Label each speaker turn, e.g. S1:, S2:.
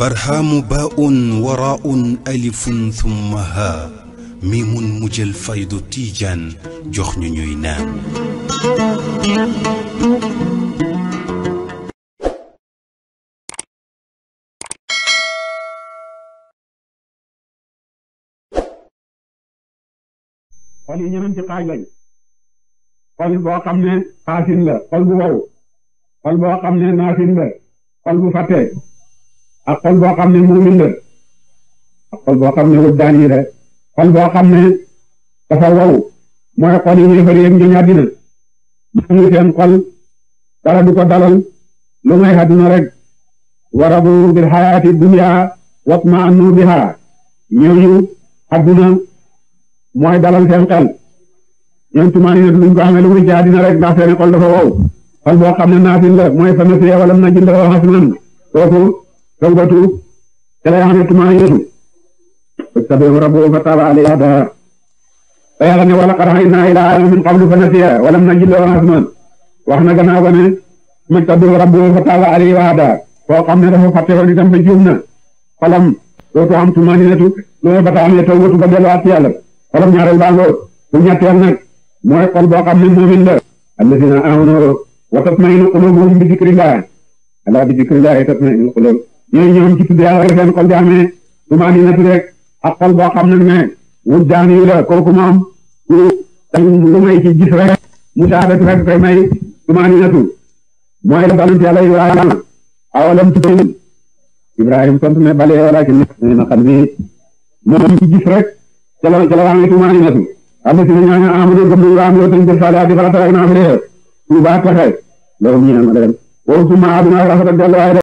S1: barhaamu baaun waraaun alifun thumma haa mi mun mujjal faydu tiijaan jox ñu ñuy naan. xol yi ñeenti xaaj lañ xol boo xam ne xaasin la xol bu wow xol boo xam ne naasin la xol bu fàtte. ak xol boo xam ne muumin la ak xol boo xam ne wuddaani la xol boo xam ne dafa wow mooy xol yi ñuy fari yëg njëñ àddina muumin seen xol dara du ko dalal lu may àddina rek warabu bil xayaati dunya watma'annu biha ñooñu àdduna mooy dalal seen xel ñoom tumaani na luñ ko amee lu muy ci rek ndax seen xol dafa wow xol boo xam ne naafin la mooy fa nasiya walam najid lahu hasnan kooku tawbatu dalay xam ne tumaa yetu fastabihu rabbuhu fataba alayhi hada te yàlla ne wala xaraxay naa ila aadama min qablu fa nasiya walam najid lahu azman wax na gannaaw ba ne fastabihu foo xam ne dafa fàtte woon itam fa juum na falam dootu am tumaa yetu loolu ba tax ne tawbatu ba xolam ñaareel baa ngoo bu ñetteel nag mooy xol boo xam ne moomin la alladina amanu wa tatmainu qulubuhum bi dikrillah ala bi dikrillah tatmainu qulub ñooñu ñoom ci tuddee rek seen xol di amee su ma amee natt rek ak xol boo xam nag ne wut daan yi la kooku moom ku lu may ci gis rek mu saadat rek koy may su ma amee nattu mooy la balante yàlla Ibrahima awalam tuuti Ibrahima tontu ne bale walakin na xam ne moom ci gis rek ca la ca la waamee su ma amee nattu àlla si ne ñooñu amadou gëm nañu waam yow tañ jël faale di farata rek naa fi dee su baax taxe loolu ñu ne ma dem woo su ma aduna rafetal delluwaay